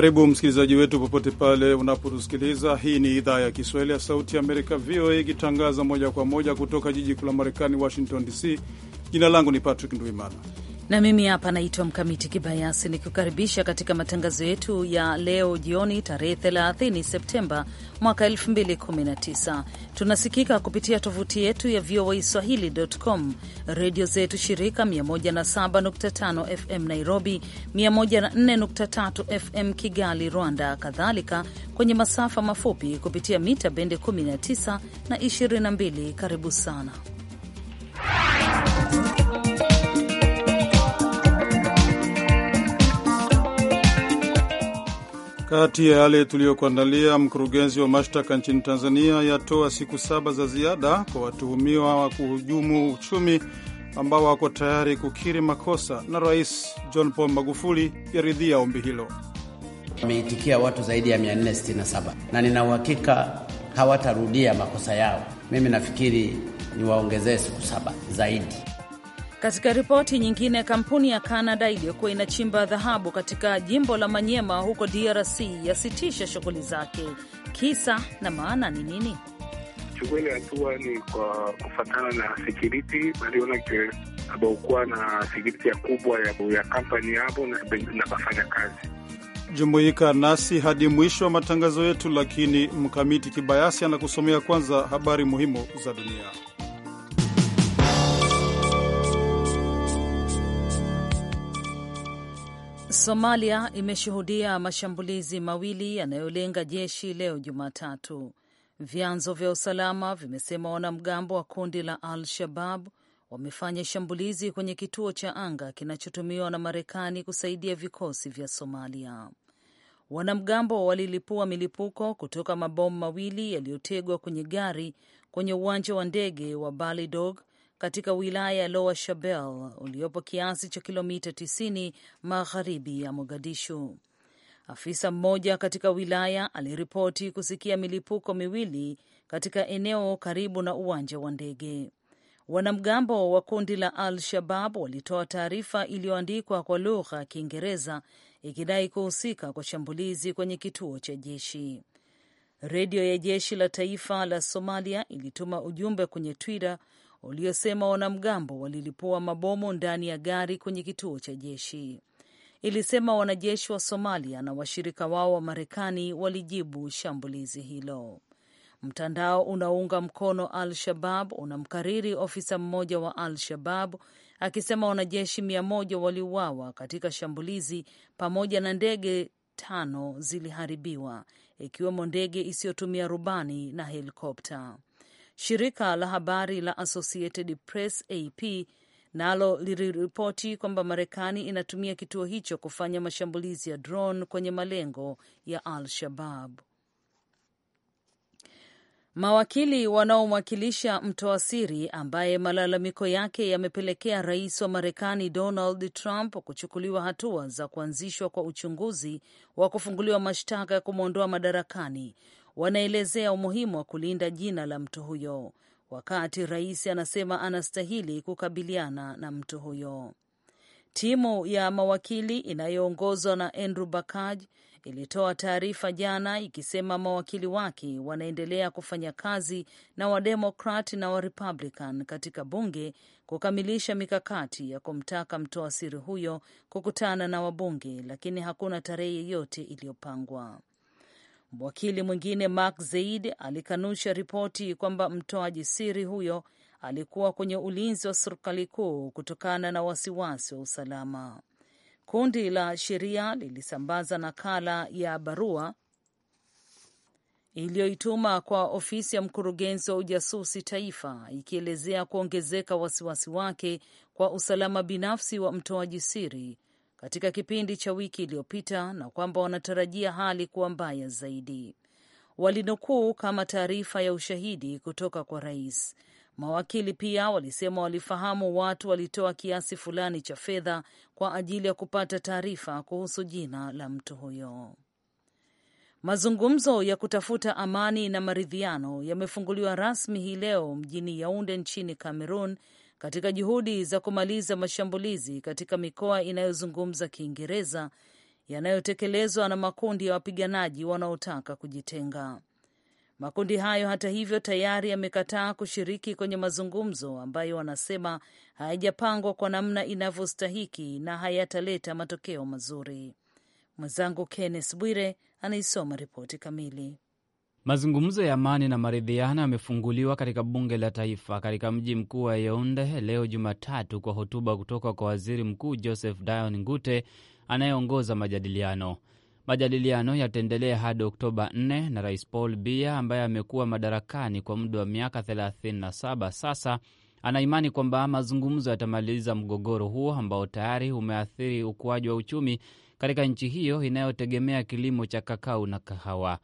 Karibu msikilizaji wetu popote pale unapotusikiliza. Hii ni idhaa ya Kiswahili ya Sauti ya Amerika, VOA, ikitangaza moja kwa moja kutoka jiji kuu la Marekani, Washington DC. Jina langu ni Patrick Nduimana na mimi hapa naitwa Mkamiti Kibayasi nikukaribisha katika matangazo yetu ya leo jioni, tarehe 30 Septemba mwaka 2019. Tunasikika kupitia tovuti yetu ya VOA Swahili.com, redio zetu shirika 107.5 FM Nairobi, 104.3 FM Kigali, Rwanda, kadhalika kwenye masafa mafupi kupitia mita bendi 19 na 22. Karibu sana Kati ya yale tuliyokuandalia, mkurugenzi wa mashtaka nchini Tanzania yatoa siku saba za ziada kwa watuhumiwa wa kuhujumu uchumi ambao wako tayari kukiri makosa, na Rais John Paul Magufuli yaridhia ombi hilo. Wameitikia watu zaidi ya 467 na nina uhakika hawatarudia makosa yao. Mimi nafikiri niwaongezee siku saba zaidi. Katika ripoti nyingine, kampuni ya canada iliyokuwa inachimba dhahabu katika jimbo la Manyema huko DRC yasitisha shughuli zake. Kisa na maana ni nini? Chukuile hatua ni kwa kufatana na security balionake abaukuwa na security ya kubwa ya kampani yabo na, na bafanya kazi. Jumuika nasi hadi mwisho wa matangazo yetu, lakini Mkamiti Kibayasi anakusomea kwanza habari muhimu za dunia. Somalia imeshuhudia mashambulizi mawili yanayolenga jeshi leo Jumatatu. Vyanzo vya usalama vimesema wanamgambo wa kundi la Al-Shabab wamefanya shambulizi kwenye kituo cha anga kinachotumiwa na Marekani kusaidia vikosi vya Somalia. Wanamgambo walilipua milipuko kutoka mabomu mawili yaliyotegwa kwenye gari kwenye uwanja wa ndege wa Balidog katika wilaya ya Lower Shabelle uliopo kiasi cha kilomita 90 magharibi ya Mogadishu. Afisa mmoja katika wilaya aliripoti kusikia milipuko miwili katika eneo karibu na uwanja wa ndege. Wanamgambo wa kundi la Al Shabab walitoa taarifa iliyoandikwa kwa lugha ya Kiingereza ikidai kuhusika kwa shambulizi kwenye kituo cha jeshi. Redio ya jeshi la taifa la Somalia ilituma ujumbe kwenye Twitter uliosema wanamgambo walilipua mabomu ndani ya gari kwenye kituo cha jeshi. Ilisema wanajeshi wa Somalia na washirika wao wa Marekani walijibu shambulizi hilo. Mtandao unaunga mkono Al-Shabab unamkariri ofisa mmoja wa Al-Shabab akisema wanajeshi mia moja waliuawa katika shambulizi pamoja na ndege tano ziliharibiwa ikiwemo ndege isiyotumia rubani na helikopta. Shirika la habari la Associated Press AP nalo liliripoti kwamba Marekani inatumia kituo hicho kufanya mashambulizi ya drone kwenye malengo ya Al-Shabab. Mawakili wanaomwakilisha mtoa siri ambaye malalamiko yake yamepelekea rais wa Marekani Donald Trump kuchukuliwa hatua za kuanzishwa kwa uchunguzi wa kufunguliwa mashtaka ya kumwondoa madarakani wanaelezea umuhimu wa kulinda jina la mtu huyo, wakati rais anasema anastahili kukabiliana na mtu huyo. Timu ya mawakili inayoongozwa na Andrew Bakaj ilitoa taarifa jana ikisema mawakili wake wanaendelea kufanya kazi na Wademokrat na Warepublican katika bunge kukamilisha mikakati ya kumtaka mtoa siri huyo kukutana na wabunge, lakini hakuna tarehe yoyote iliyopangwa mwakili mwingine Mark Zaid alikanusha ripoti kwamba mtoaji siri huyo alikuwa kwenye ulinzi wa serikali kuu kutokana na wasiwasi wa usalama. Kundi la sheria lilisambaza nakala ya barua iliyoituma kwa ofisi ya mkurugenzi wa ujasusi taifa ikielezea kuongezeka wasiwasi wake kwa usalama binafsi wa mtoaji siri katika kipindi cha wiki iliyopita na kwamba wanatarajia hali kuwa mbaya zaidi. Walinukuu kama taarifa ya ushahidi kutoka kwa rais. Mawakili pia walisema walifahamu watu walitoa kiasi fulani cha fedha kwa ajili ya kupata taarifa kuhusu jina la mtu huyo. Mazungumzo ya kutafuta amani na maridhiano yamefunguliwa rasmi hii leo mjini Yaunde nchini cameron katika juhudi za kumaliza mashambulizi katika mikoa inayozungumza Kiingereza yanayotekelezwa na makundi ya wapiganaji wanaotaka kujitenga. Makundi hayo hata hivyo tayari yamekataa kushiriki kwenye mazungumzo ambayo wanasema hayajapangwa kwa namna inavyostahiki na hayataleta matokeo mazuri. Mwenzangu Kenneth Bwire anaisoma ripoti kamili. Mazungumzo ya amani na maridhiano yamefunguliwa katika bunge la taifa katika mji mkuu wa Yaunde leo Jumatatu, kwa hotuba kutoka kwa waziri mkuu Joseph Dion Ngute anayeongoza majadiliano. Majadiliano yataendelea hadi Oktoba 4 na Rais Paul Biya ambaye amekuwa madarakani kwa muda wa miaka 37 sasa anaimani kwamba mazungumzo yatamaliza mgogoro huo ambao tayari umeathiri ukuaji wa uchumi katika nchi hiyo inayotegemea kilimo cha kakao na kahawa.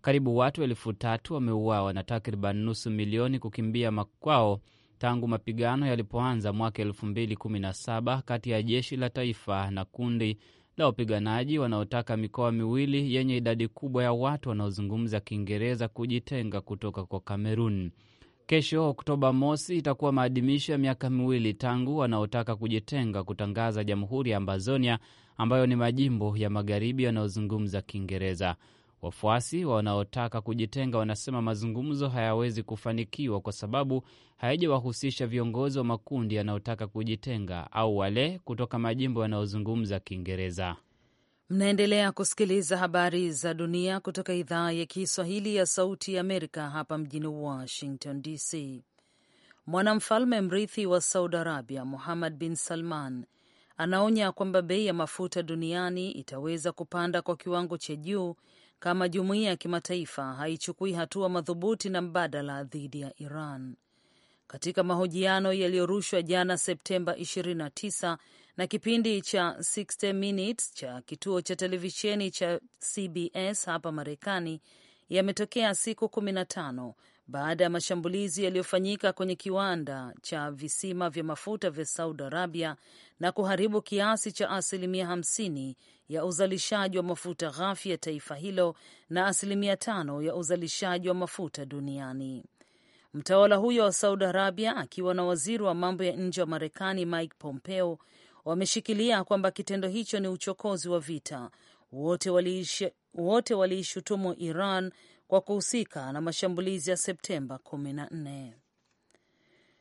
Karibu watu elfu tatu wameuawa na takriban nusu milioni kukimbia makwao tangu mapigano yalipoanza mwaka elfu mbili kumi na saba kati ya jeshi la taifa na kundi la wapiganaji wanaotaka mikoa miwili yenye idadi kubwa ya watu wanaozungumza Kiingereza kujitenga kutoka kwa Kamerun. Kesho Oktoba mosi itakuwa maadhimisho ya miaka miwili tangu wanaotaka kujitenga kutangaza jamhuri ya Ambazonia, ambayo ni majimbo ya magharibi yanayozungumza Kiingereza. Wafuasi wanaotaka kujitenga wanasema mazungumzo hayawezi kufanikiwa kwa sababu hayajawahusisha viongozi wa makundi yanayotaka kujitenga au wale kutoka majimbo yanayozungumza Kiingereza. Mnaendelea kusikiliza habari za dunia kutoka idhaa ya Kiswahili ya Sauti ya Amerika hapa mjini Washington DC. Mwanamfalme mrithi wa Saudi Arabia Muhammad bin Salman anaonya kwamba bei ya mafuta duniani itaweza kupanda kwa kiwango cha juu kama jumuiya ya kimataifa haichukui hatua madhubuti na mbadala dhidi ya Iran. Katika mahojiano yaliyorushwa jana Septemba 29 na kipindi cha 60 Minutes cha kituo cha televisheni cha CBS hapa Marekani, yametokea siku baada ya mashambulizi yaliyofanyika kwenye kiwanda cha visima vya mafuta vya Saudi Arabia na kuharibu kiasi cha asilimia 50 ya uzalishaji wa mafuta ghafi ya taifa hilo na asilimia tano ya uzalishaji wa mafuta duniani. Mtawala huyo wa Saudi Arabia akiwa na waziri wa mambo ya nje wa Marekani Mike Pompeo wameshikilia kwamba kitendo hicho ni uchokozi wa vita. Wote waliishutumu Iran kwa kuhusika na mashambulizi ya Septemba 14.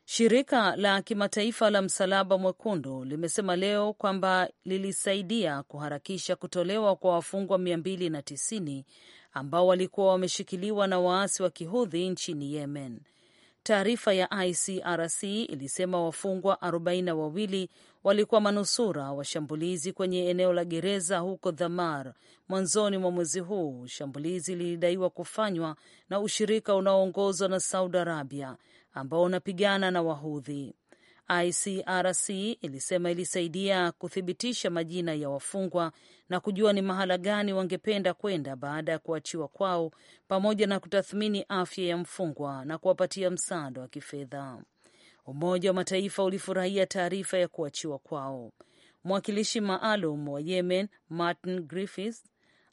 Shirika la kimataifa la Msalaba Mwekundu limesema leo kwamba lilisaidia kuharakisha kutolewa kwa wafungwa 290 ambao walikuwa wameshikiliwa na waasi wa kihudhi nchini Yemen. Taarifa ya ICRC ilisema wafungwa 4 wawili walikuwa manusura wa shambulizi kwenye eneo la gereza huko Dhamar mwanzoni mwa mwezi huu. Shambulizi lilidaiwa kufanywa na ushirika unaoongozwa na Saudi Arabia ambao unapigana na Wahudhi. ICRC ilisema ilisaidia kuthibitisha majina ya wafungwa na kujua ni mahala gani wangependa kwenda baada ya kuachiwa kwao, pamoja na kutathmini afya ya mfungwa na kuwapatia msaada wa kifedha. Umoja wa Mataifa ulifurahia taarifa ya kuachiwa kwao. Mwakilishi maalum wa Yemen Martin Griffiths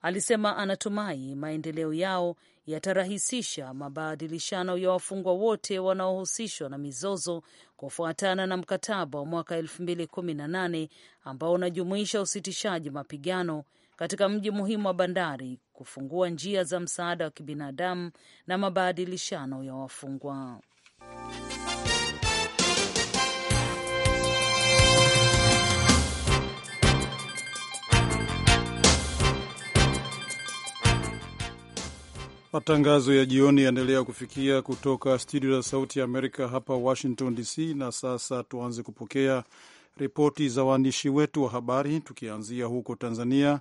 alisema anatumai maendeleo yao yatarahisisha mabadilishano ya wafungwa wote wanaohusishwa na mizozo kufuatana na mkataba wa mwaka 2018 ambao unajumuisha usitishaji mapigano katika mji muhimu wa bandari, kufungua njia za msaada wa kibinadamu na mabadilishano ya wafungwa. Matangazo ya jioni yaendelea kufikia kutoka studio za Sauti ya Amerika hapa Washington DC. Na sasa tuanze kupokea ripoti za waandishi wetu wa habari, tukianzia huko Tanzania.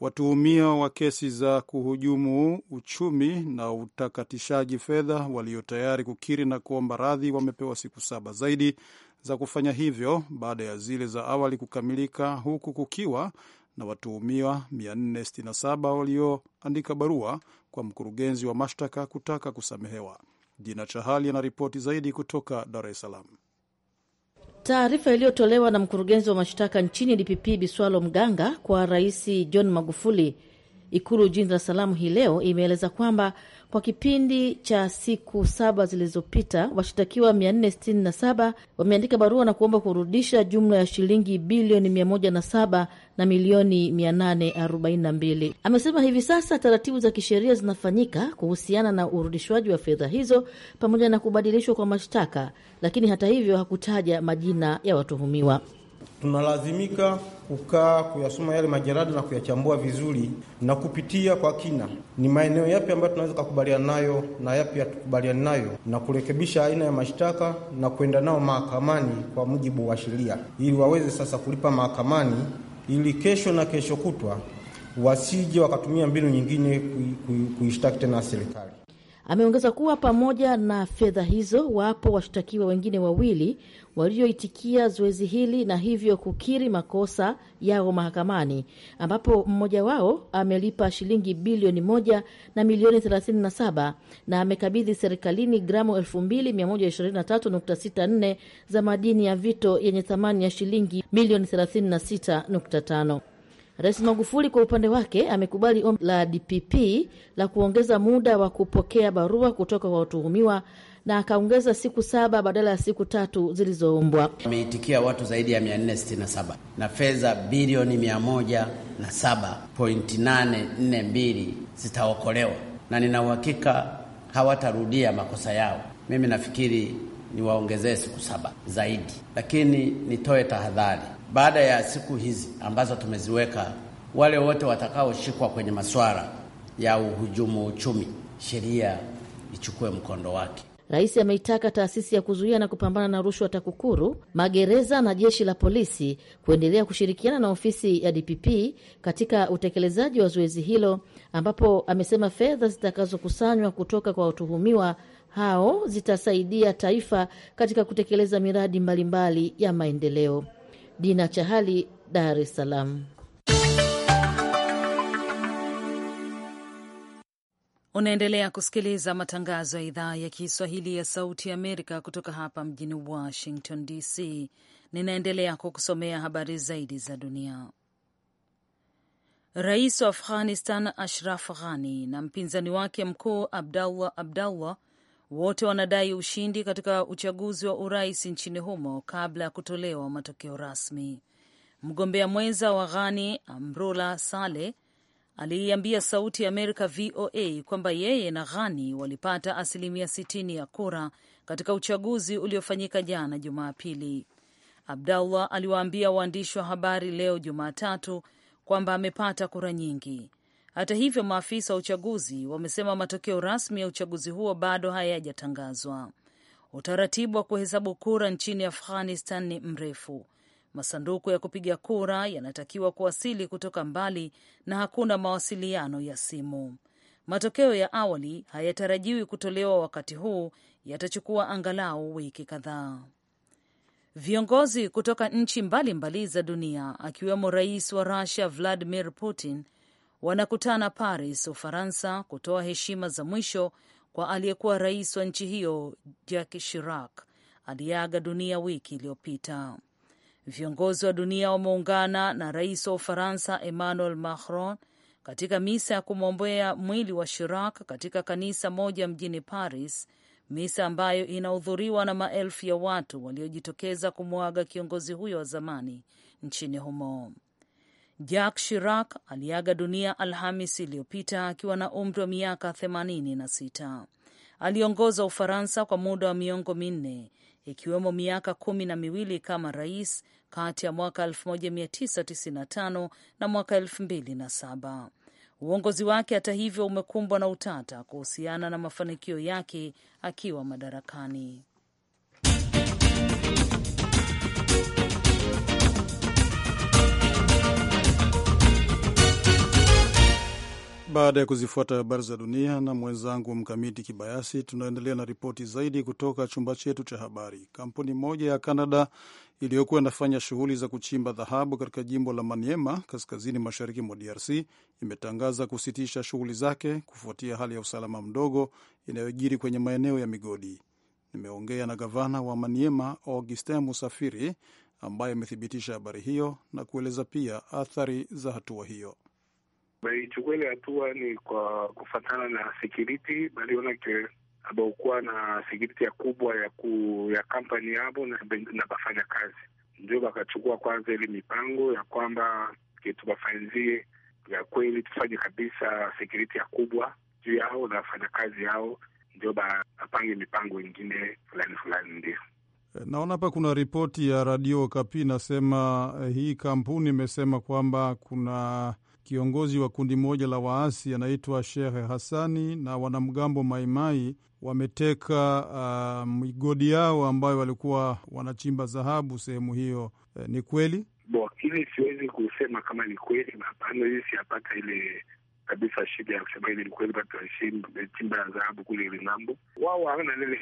Watuhumiwa wa kesi za kuhujumu uchumi na utakatishaji fedha walio tayari kukiri na kuomba radhi wamepewa siku saba zaidi za kufanya hivyo baada ya zile za awali kukamilika, huku kukiwa na watuhumiwa 467 walioandika barua kwa mkurugenzi wa mashtaka kutaka kusamehewa. Dina Chahali anaripoti zaidi kutoka Dar es Salaam. Taarifa iliyotolewa na mkurugenzi wa mashtaka nchini DPP Biswalo Mganga kwa Rais John Magufuli Ikulu jijini Dar es Salaam hii leo imeeleza kwamba kwa kipindi cha siku saba zilizopita washtakiwa 467 wameandika barua na kuomba kurudisha jumla ya shilingi bilioni 107 na milioni 842. Amesema hivi sasa taratibu za kisheria zinafanyika kuhusiana na urudishwaji wa fedha hizo pamoja na kubadilishwa kwa mashtaka, lakini hata hivyo hakutaja majina ya watuhumiwa tunalazimika kukaa kuyasoma yale majarada na kuyachambua vizuri na kupitia kwa kina, ni maeneo yapi ambayo tunaweza kukubaliana nayo na yapi hatukubaliani nayo, na kurekebisha aina ya mashtaka na kwenda nao mahakamani kwa mujibu wa sheria, ili waweze sasa kulipa mahakamani, ili kesho na kesho kutwa wasije wakatumia mbinu nyingine kuishtaki tena serikali. Ameongeza kuwa pamoja na fedha hizo, wapo washtakiwa wengine wawili walioitikia zoezi hili na hivyo kukiri makosa yao mahakamani, ambapo mmoja wao amelipa shilingi bilioni moja na milioni 37 na amekabidhi serikalini gramu 2123.64 za madini ya vito yenye thamani ya shilingi milioni 36.5. Rais Magufuli kwa upande wake amekubali ombi la DPP la kuongeza muda wa kupokea barua kutoka kwa watuhumiwa na akaongeza siku saba badala ya siku tatu zilizoombwa. Wameitikia watu zaidi ya 467 na fedha bilioni 107.842 zitaokolewa, na nina uhakika hawatarudia makosa yao. Mimi nafikiri niwaongezee siku saba zaidi, lakini nitoe tahadhari baada ya siku hizi ambazo tumeziweka, wale wote watakaoshikwa kwenye maswara ya uhujumu uchumi, sheria ichukue mkondo wake. Rais ameitaka taasisi ya kuzuia na kupambana na rushwa TAKUKURU, magereza na jeshi la polisi kuendelea kushirikiana na ofisi ya DPP katika utekelezaji wa zoezi hilo, ambapo amesema fedha zitakazokusanywa kutoka kwa watuhumiwa hao zitasaidia taifa katika kutekeleza miradi mbalimbali ya maendeleo. Dina Chahali, Dar es Salaam. Unaendelea kusikiliza matangazo ya idhaa ya Kiswahili ya Sauti ya Amerika kutoka hapa mjini Washington DC. Ninaendelea kukusomea habari zaidi za dunia. Rais wa Afghanistan Ashraf Ghani na mpinzani wake mkuu Abdallah Abdallah wote wanadai ushindi katika uchaguzi wa urais nchini humo kabla ya kutolewa matokeo rasmi. Mgombea mwenza wa Ghani Amrula Saleh aliiambia Sauti ya Amerika VOA kwamba yeye na Ghani walipata asilimia 60 ya kura katika uchaguzi uliofanyika jana Jumapili. Abdallah aliwaambia waandishi wa habari leo Jumatatu kwamba amepata kura nyingi. Hata hivyo, maafisa wa uchaguzi wamesema matokeo rasmi ya uchaguzi huo bado hayajatangazwa. Utaratibu wa kuhesabu kura nchini Afghanistan ni mrefu. Masanduku ya kupiga kura yanatakiwa kuwasili kutoka mbali na hakuna mawasiliano ya simu. Matokeo ya awali hayatarajiwi kutolewa wakati huu, yatachukua angalau wiki kadhaa. Viongozi kutoka nchi mbalimbali za dunia akiwemo rais wa rusia Vladimir Putin wanakutana Paris, Ufaransa, kutoa heshima za mwisho kwa aliyekuwa rais wa nchi hiyo Jacques Chirac aliyeaga dunia wiki iliyopita. Viongozi wa dunia wameungana na rais wa Ufaransa Emmanuel Macron katika misa ya kumwombea mwili wa Chirac katika kanisa moja mjini Paris, misa ambayo inahudhuriwa na maelfu ya watu waliojitokeza kumwaga kiongozi huyo wa zamani nchini humo. Jack Shirak aliaga dunia Alhamis iliyopita akiwa na umri wa miaka themanini na sita. Aliongoza Ufaransa kwa muda wa miongo minne ikiwemo miaka kumi na miwili kama rais kati ya mwaka 1995 na mwaka 2007. Uongozi wake hata hivyo umekumbwa na utata kuhusiana na mafanikio yake akiwa madarakani. Baada ya kuzifuata habari za dunia na mwenzangu Mkamiti Kibayasi, tunaendelea na ripoti zaidi kutoka chumba chetu cha habari. Kampuni moja ya canada iliyokuwa inafanya shughuli za kuchimba dhahabu katika jimbo la Maniema, kaskazini mashariki mwa DRC, imetangaza kusitisha shughuli zake kufuatia hali ya usalama mdogo inayojiri kwenye maeneo ya migodi. Nimeongea na gavana wa Maniema, Augustin Musafiri, ambaye amethibitisha habari hiyo na kueleza pia athari za hatua hiyo walichukua ile hatua ni kwa kufatana na security ke abaokuwa na security ya kubwa ya ku, ya kampani yabo na, na bafanya kazi ndio bakachukua kwanza ile mipango ya kwamba kitu ya kweli tufanye kabisa security ya kubwa juu yao na wafanya kazi yao ndio bapange mipango ingine fulani fulani. Ndio naona hapa kuna ripoti ya Radio Kapi inasema eh, hii kampuni imesema kwamba kuna Kiongozi wa kundi moja la waasi anaitwa Shehe Hasani na wanamgambo Maimai wameteka uh, migodi yao ambayo walikuwa wanachimba dhahabu sehemu hiyo. Eh, ni kweli lakini siwezi kusema kama ni kweli. Hapana, hii siyapata ile kabisa shida ya kusema ile ni kweli, wachimba dhahabu kule ile ng'ambo. Wao hawana lile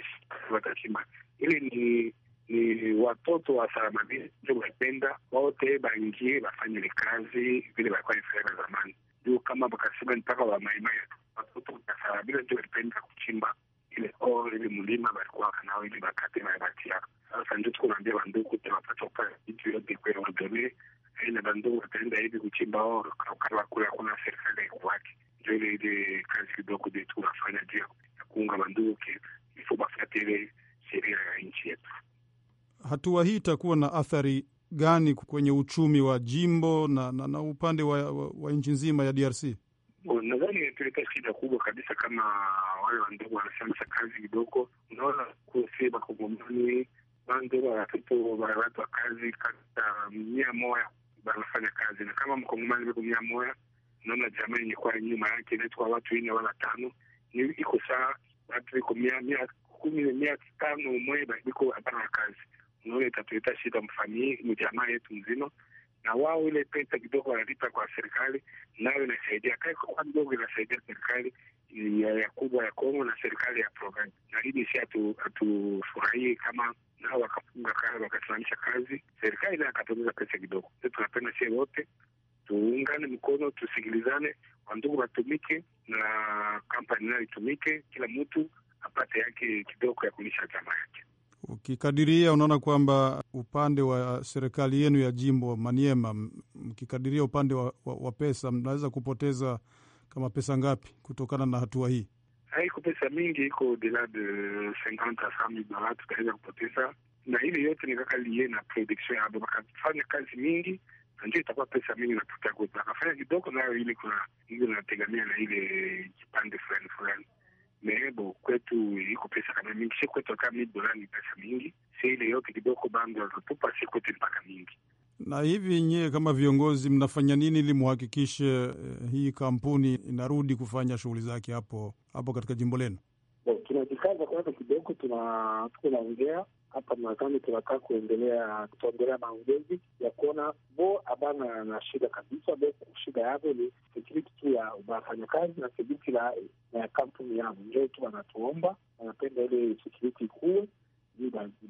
watachimba ile ni ni watoto wa salamadini ndio wapenda wote bangie bafanye kazi vile walikuwa ifanya zamani, juu kama bakasema mpaka wa maimai watoto wa salamadini ndio walipenda kuchimba ile oro ile mlima walikuwa wakanao ili bakate mabati yao. Sasa ndio tukunaambia banduku wapata kufanya vitu yote kwe ordone eh, na banduku wataenda hivi kuchimba oro kaukala wakule hakuna serikali kwake, ndio ile ile kazi kidogo ndio tunafanya juu ya kuunga banduku ifo bafate ile sheria ya nchi yetu hatua hii itakuwa na athari gani kwenye uchumi wa jimbo na, na, na upande wa, wa, wa nchi nzima ya DRC? Nadhani italeta shida kubwa kabisa, kama wale wandogo wanasema kazi kidogo. Unaona kuse Makongomani bando watoto watu wa kazi kata mia moya wanafanya kazi, na kama Mkongomani viko mia moya, unaona jamii yenye nyuma yake inaitwa watu ine wala tano, ni iko saa watu viko mia mia kumi mia tano mwe viko hapana kazi naona itatuleta shida mfamii mjamaa yetu mzima, na wao ile pesa kidogo wanalipa kwa serikali, nayo inasaidia kaa kidogo, inasaidia serikali ya kubwa ya Kongo na serikali ya province, na hili si hatufurahii kama nao wakafunga kazi wakasimamisha kazi, serikali nayo akatuongeza pesa kidogo. Tunapenda sie wote tuungane mkono, tusikilizane, wandugu watumike na kampani nayo itumike, kila mtu apate yake kidogo ya kulisha jamaa yake. Ukikadiria unaona kwamba upande wa serikali yenu ya jimbo Maniema, mkikadiria upande wa, wa, wa pesa mnaweza kupoteza kama pesa ngapi kutokana na hatua hii? Haiko pesa mingi, iko dela de 50 sami dola tutaweza kupoteza, na hili yote ni kaka liye na production yabo. Wakafanya kazi mingi na njio itakuwa pesa mingi na akafanya kidogo nayo, ili kuna hivyo nategamia na ile kipande fulani fulani merebo kwetu iko pesa kama mingi, si kwetu kama mili dolari ni pesa mingi, si ile yote kidogo bango alotupa, si kwetu mpaka mingi. Na hivi nyewe kama viongozi mnafanya nini ili muhakikishe eh, hii kampuni inarudi kufanya shughuli zake hapo hapo katika jimbo lenu? Tunajikaza kwanza kidogo, tunaongea hapa Marekani tunakaa kuendelea tutaendelea maongezi ya kuona bo abana na shida kabisa, bo shida yavo ni security tu ya wafanyakazi na security la ya kampuni yavo, njo tu wanatuomba, wanapenda ile security kuwe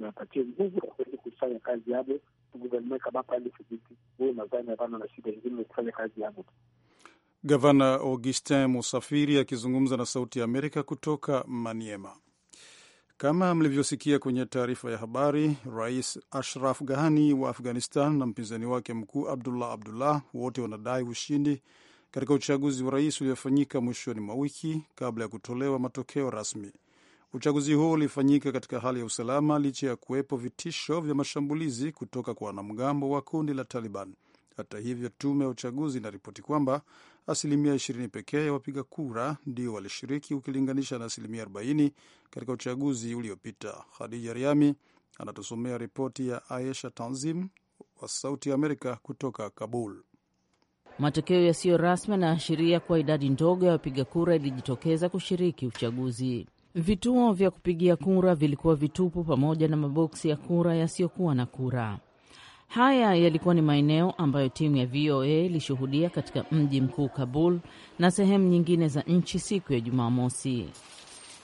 inapatie nguvu akuweze kufanya kazi yavo tuguvalimakabapale security huyo mazani abana na shida ingine ya kufanya kazi yavo Gavana Augustin Musafiri akizungumza na Sauti ya Amerika kutoka Maniema. Kama mlivyosikia kwenye taarifa ya habari, Rais Ashraf Ghani wa Afghanistan na mpinzani wake mkuu Abdullah Abdullah wote wanadai ushindi katika uchaguzi wa rais uliofanyika mwishoni mwa wiki kabla ya kutolewa matokeo rasmi. Uchaguzi huo ulifanyika katika hali ya usalama licha ya kuwepo vitisho vya mashambulizi kutoka kwa wanamgambo wa kundi la Taliban. Hata hivyo, tume ya uchaguzi inaripoti kwamba asilimia 20 pekee ya wapiga kura ndio walishiriki ukilinganisha na asilimia 40 katika uchaguzi uliopita. Khadija Riami anatusomea ripoti ya Aisha Tanzim wa Sauti ya Amerika kutoka Kabul. Matokeo yasiyo rasmi yanaashiria kuwa idadi ndogo ya wapiga kura ilijitokeza kushiriki uchaguzi. Vituo vya kupigia kura vilikuwa vitupu pamoja na maboksi ya kura yasiyokuwa na kura. Haya yalikuwa ni maeneo ambayo timu ya VOA ilishuhudia katika mji mkuu Kabul na sehemu nyingine za nchi siku ya Jumamosi.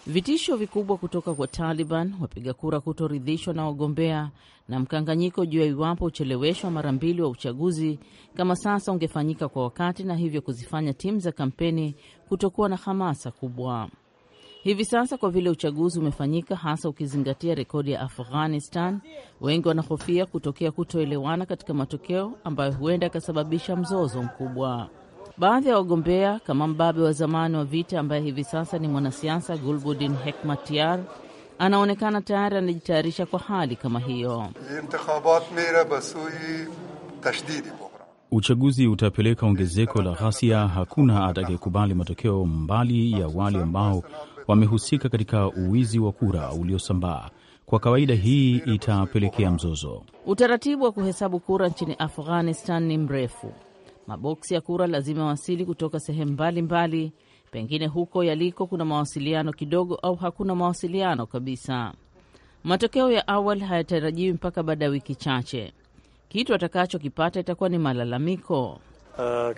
Vitisho vikubwa kutoka kwa Taliban, wapiga kura kutoridhishwa na wagombea, na mkanganyiko juu ya iwapo ucheleweshwa mara mbili wa uchaguzi kama sasa ungefanyika kwa wakati, na hivyo kuzifanya timu za kampeni kutokuwa na hamasa kubwa. Hivi sasa kwa vile uchaguzi umefanyika, hasa ukizingatia rekodi ya Afghanistan, wengi wanahofia kutokea kutoelewana katika matokeo ambayo huenda yakasababisha mzozo mkubwa. Baadhi ya wagombea kama mbabe wa zamani wa vita ambaye hivi sasa ni mwanasiasa Gulbuddin Hekmatyar anaonekana tayari anajitayarisha kwa hali kama hiyo. Uchaguzi utapeleka ongezeko la ghasia. Hakuna atakayekubali matokeo mbali ya wale ambao wamehusika katika uwizi wa kura uliosambaa. Kwa kawaida hii itapelekea mzozo. Utaratibu wa kuhesabu kura nchini Afghanistan ni mrefu. Maboksi ya kura lazima wasili kutoka sehemu mbalimbali, pengine huko yaliko kuna mawasiliano kidogo au hakuna mawasiliano kabisa. Matokeo ya awali hayatarajiwi mpaka baada ya wiki chache. Kitu atakachokipata itakuwa ni malalamiko. Uh,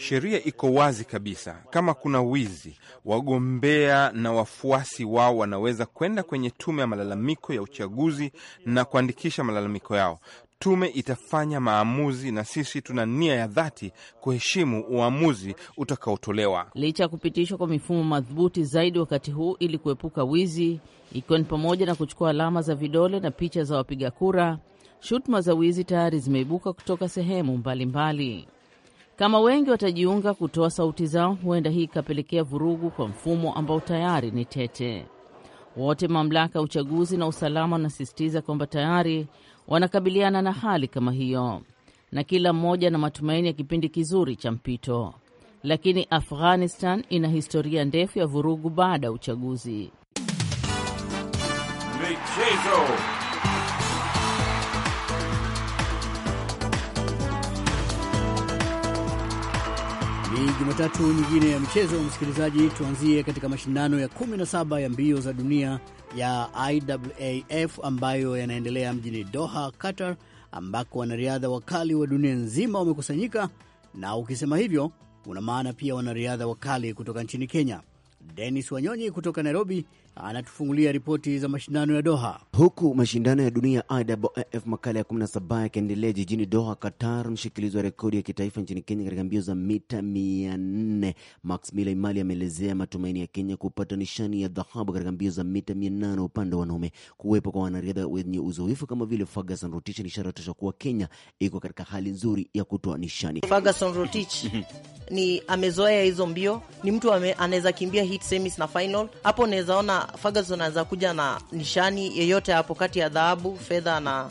Sheria iko wazi kabisa. Kama kuna wizi, wagombea na wafuasi wao wanaweza kwenda kwenye tume ya malalamiko ya uchaguzi na kuandikisha malalamiko yao. Tume itafanya maamuzi, na sisi tuna nia ya dhati kuheshimu uamuzi utakaotolewa. Licha ya kupitishwa kwa mifumo madhubuti zaidi wakati huu ili kuepuka wizi, ikiwa ni pamoja na kuchukua alama za vidole na picha za wapiga kura, shutuma za wizi tayari zimeibuka kutoka sehemu mbalimbali mbali. Kama wengi watajiunga kutoa sauti zao, huenda hii ikapelekea vurugu kwa mfumo ambao tayari ni tete. Wote mamlaka ya uchaguzi na usalama wanasisitiza kwamba tayari wanakabiliana na hali kama hiyo, na kila mmoja na matumaini ya kipindi kizuri cha mpito, lakini Afghanistan ina historia ndefu ya vurugu baada ya uchaguzi. Michezo. Ni Jumatatu nyingine ya michezo, msikilizaji. Tuanzie katika mashindano ya 17 ya mbio za dunia ya IAAF ambayo yanaendelea mjini Doha, Qatar, ambako wanariadha wakali wa dunia nzima wamekusanyika, na ukisema hivyo una maana pia wanariadha wakali kutoka nchini Kenya. Denis Wanyonyi kutoka Nairobi anatufungulia ripoti za mashindano ya Doha. Huku mashindano ya dunia IAAF makala ya 17 yakiendelea jijini Doha, Qatar, mshikilizi wa rekodi ya kitaifa nchini Kenya katika mbio za mita 400 Max Mila Imali ameelezea matumaini ya Kenya kupata nishani ya dhahabu katika mbio za mita 800 upande wa wanaume. Kuwepo kwa wanariadha wenye uzoefu kama vile Ferguson Rotich ni ishara tosha kuwa Kenya iko katika hali nzuri ya kutoa nishani. Ferguson Rotich ni amezoea hizo mbio, ni mtu anaweza kimbia hit semis na final, hapo unaweza ona Ferguson anaweza kuja na nishani yeyote hapo kati ya dhahabu, fedha na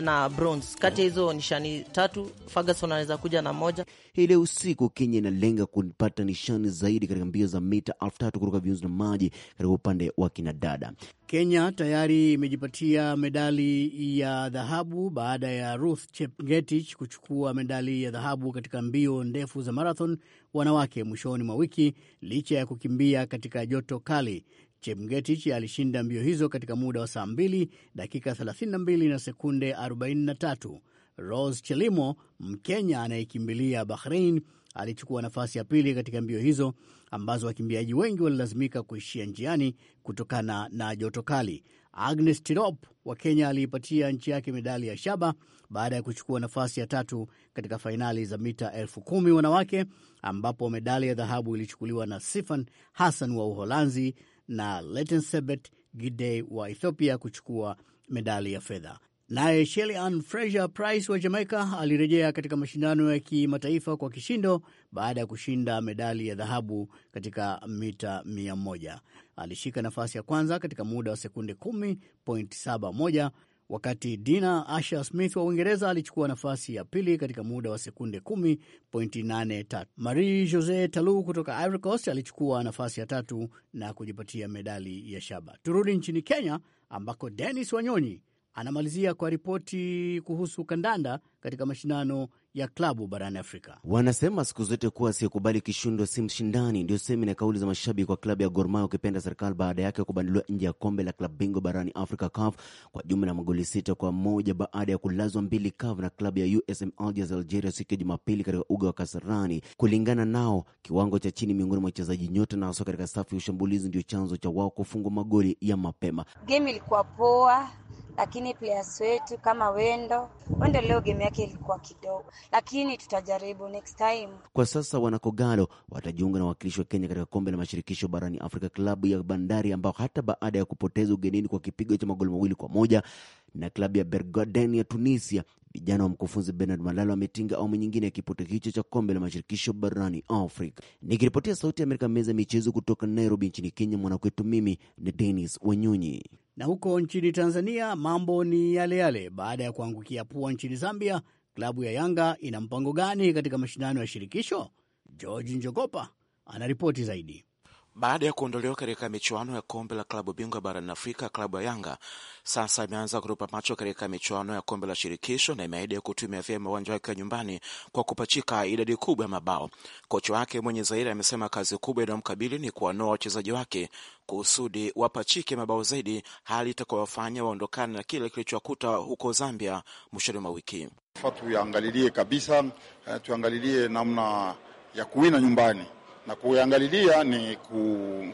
na bronze. Kati ya hizo nishani tatu Ferguson anaweza kuja na moja. Hii leo usiku Kenya inalenga kupata nishani zaidi katika mbio za mita elfu tatu kutoka viunzi na maji katika upande wa kinadada. Kenya tayari imejipatia medali ya dhahabu baada ya Ruth Chepngetich kuchukua medali ya dhahabu katika mbio ndefu za marathon wanawake mwishoni mwa wiki licha ya kukimbia katika joto kali. Chemgetich alishinda mbio hizo katika muda wa saa 2 dakika 32 na sekunde 43. Rose Chelimo, Mkenya anayekimbilia bahrein alichukua nafasi ya pili katika mbio hizo ambazo wakimbiaji wengi walilazimika kuishia njiani kutokana na joto kali. Agnes Tirop wa Kenya aliipatia nchi yake medali ya shaba baada ya kuchukua nafasi ya tatu katika fainali za mita elfu kumi wanawake ambapo medali ya dhahabu ilichukuliwa na Sifan Hassan wa Uholanzi na Letensebet Gidey wa Ethiopia kuchukua medali ya fedha. Naye Shelly Ann Fraser Price wa Jamaica alirejea katika mashindano ya kimataifa kwa kishindo baada ya kushinda medali ya dhahabu katika mita 100. Alishika nafasi ya kwanza katika muda wa sekunde 10.71 wakati Dina asha Smith wa Uingereza alichukua nafasi ya pili katika muda wa sekunde 10.83. Marie Jose Talu kutoka Ivory Coast alichukua nafasi ya tatu na kujipatia medali ya shaba. Turudi nchini Kenya ambako denis Wanyonyi Anamalizia kwa ripoti kuhusu kandanda katika mashindano ya klabu barani Afrika. Wanasema siku zote kuwa asiyekubali kishundo si mshindani, ndio semi na kauli za mashabiki kwa klabu ya Gor Mahia ukipenda serikali, baada yake kubanduliwa nje ya kombe la klabu bingwa barani Afrika CAF kwa jumla ya magoli sita kwa moja baada ya kulazwa mbili caf na klabu ya USM Alger Algeria siku ya Jumapili katika uga wa Kasarani. Kulingana nao, kiwango cha chini miongoni mwa wachezaji nyota na hasa katika safu ya ushambulizi ndio chanzo cha wao kufungwa magoli ya mapema. Game ilikuwa poa lakini players wetu kama Wendo, Wendo leo game yake ilikuwa kidogo, lakini tutajaribu next time. Kwa sasa wanakogalo watajiunga na wakilishi wa Kenya katika kombe la mashirikisho barani Afrika, klabu ya Bandari ambao hata baada ya kupoteza ugenini kwa kipigo cha magoli mawili kwa moja na klabu ya Bergaden ya Tunisia, vijana wa mkufunzi Bernard Malalo wametinga awamu nyingine ya kipoto hicho cha kombe la mashirikisho barani Afrika. Nikiripotia Sauti ya Amerika, meza ya michezo kutoka Nairobi nchini Kenya, mwanakwetu mimi ni Denis Wanyunyi. Na huko nchini Tanzania mambo ni yale yale, baada ya kuangukia pua nchini Zambia, klabu ya Yanga ina mpango gani katika mashindano ya shirikisho? George Njogopa anaripoti zaidi. Baada ya kuondolewa katika michuano ya kombe la klabu bingwa barani Afrika, klabu ya Yanga sasa imeanza kutupa macho katika michuano ya kombe la shirikisho na imeahidi kutumia vyema uwanja wake wa nyumbani kwa kupachika idadi kubwa ya mabao. Kocha wake mwenye Zaire amesema kazi kubwa inayomkabili ni kuwanoa wachezaji wake kusudi wapachike mabao zaidi, hali itakayofanya waondokane na kile kilichokuta huko Zambia mwishoni mwa wiki. Tuangalilie kabisa, eh, tuangalilie namna ya kuwina nyumbani na kuangalilia ni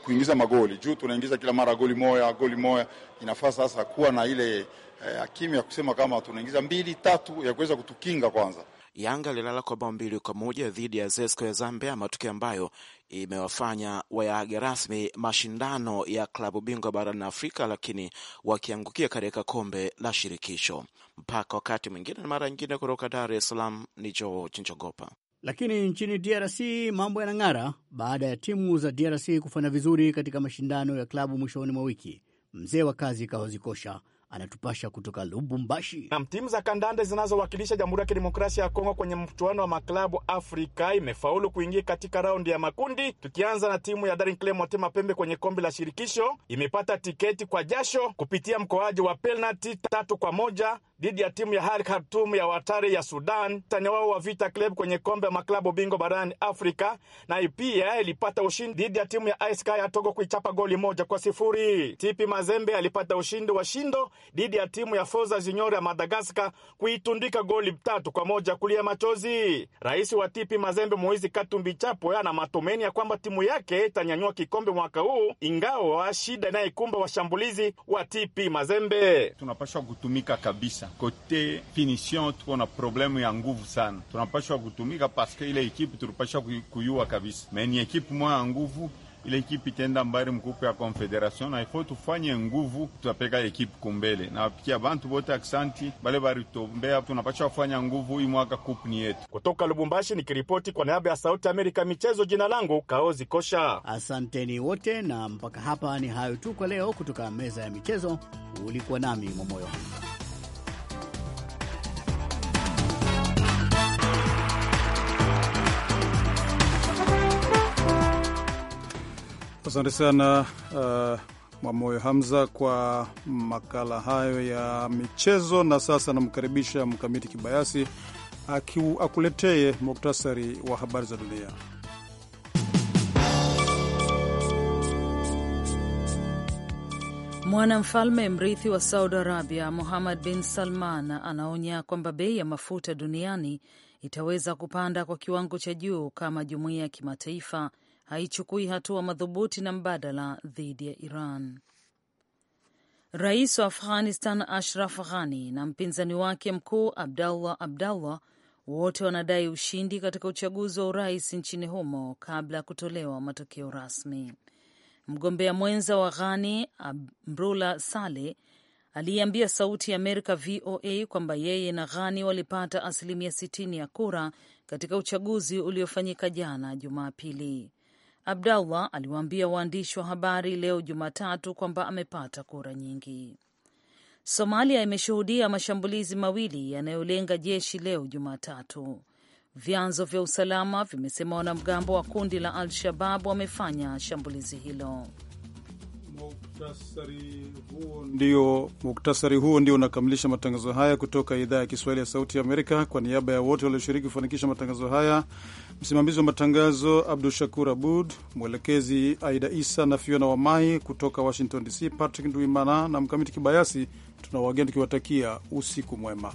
kuingiza magoli juu tunaingiza kila mara goli moja goli moja. Inafaa sasa kuwa na ile eh, akimi ya kusema kama tunaingiza mbili tatu ya kuweza kutukinga kwanza. Yanga lilala kwa bao mbili kwa moja dhidi ya Zesco ya Zambia, matukio ambayo imewafanya wayaage rasmi mashindano ya klabu bingwa barani Afrika, lakini wakiangukia katika kombe la shirikisho. Mpaka wakati mwingine na mara nyingine, kutoka Dar es Salaam ni George Chinchogopa. Lakini nchini DRC mambo yanang'ara baada ya timu za DRC kufanya vizuri katika mashindano ya klabu mwishoni mwa wiki. Mzee wa kazi kahozikosha anatupasha kutoka Lubumbashi. Nam, timu za kandanda zinazowakilisha Jamhuri ya Kidemokrasia ya Kongo kwenye mchuano wa maklabu Afrika imefaulu kuingia katika raundi ya makundi. Tukianza na timu ya Daring Club Motema Pembe kwenye kombe la shirikisho, imepata tiketi kwa jasho kupitia mkoaji wa penalti tatu kwa moja dhidi ya timu ya Hal Khartoum ya watari ya Sudan, tani wao wa Vita Club kwenye kombe ya maklabu bingwa barani Afrika, na pia ilipata ushindi dhidi ya timu ya ASK ya Togo kuichapa goli moja kwa sifuri. Tipi Mazembe alipata ushindi wa shindo dhidi ya timu ya Forza Junior ya Madagascar kuitundika goli tatu kwa moja kulia machozi. Rais wa Tipi Mazembe Moizi Katumbi Chapo ana matumaini ya kwamba timu yake itanyanyua kikombe mwaka huu, ingawa shida inayokumba washambulizi wa Tipi Mazembe tunapaswa kutumika kabisa kabisa. kote finition. Tuko na problemu ya nguvu sana, tunapashwa kutumika paske ile ekipe tulipashwa kuyua kabisa, ni ekipe moya ya nguvu ile ekipe tenda mbari mkupu ya Confederation na ifo tufanye nguvu, tutapeka ekipe kumbele na wapikia bantu bote aksanti bale baritombea, tunapasha kufanya nguvu hii mwaka kupu ni yetu. Kutoka Lubumbashi nikiripoti kwa niaba ya Sauti Amerika michezo, jina langu Kaozi Kosha. Asanteni wote, na mpaka hapa ni hayo tu kwa leo. Kutoka meza ya michezo ulikuwa nami Momoyo. Asante sana uh, Mwamoyo Hamza kwa makala hayo ya michezo. Na sasa namkaribisha Mkamiti Kibayasi akuletee muktasari wa habari za dunia. Mwanamfalme mrithi wa Saudi Arabia Muhammad bin Salman anaonya kwamba bei ya mafuta duniani itaweza kupanda kwa kiwango cha juu kama jumuiya ya kimataifa haichukui hatua madhubuti na mbadala dhidi ya Iran. Rais wa Afghanistan Ashraf Ghani na mpinzani wake mkuu Abdallah Abdallah wote wanadai ushindi katika uchaguzi wa urais nchini humo kabla ya kutolewa matokeo rasmi. Mgombea mwenza wa Ghani Amrullah Saleh aliyeambia Sauti ya Amerika VOA kwamba yeye na Ghani walipata asilimia 60 ya kura katika uchaguzi uliofanyika jana Jumapili. Abdallah aliwaambia waandishi wa habari leo Jumatatu kwamba amepata kura nyingi. Somalia imeshuhudia mashambulizi mawili yanayolenga jeshi leo Jumatatu. Vyanzo vya usalama vimesema wanamgambo wa kundi la Al-Shabab wamefanya shambulizi hilo muktasari huo ndio, muktasari huo ndio unakamilisha matangazo haya kutoka idhaa ya Kiswahili ya Sauti ya Amerika. Kwa niaba ya wote walioshiriki kufanikisha matangazo haya, msimamizi wa matangazo Abdu Shakur Abud, mwelekezi Aida Isa na Fiona Wamai kutoka Washington DC, Patrick Ndwimana na Mkamiti Kibayasi, tuna wageni tukiwatakia usiku mwema.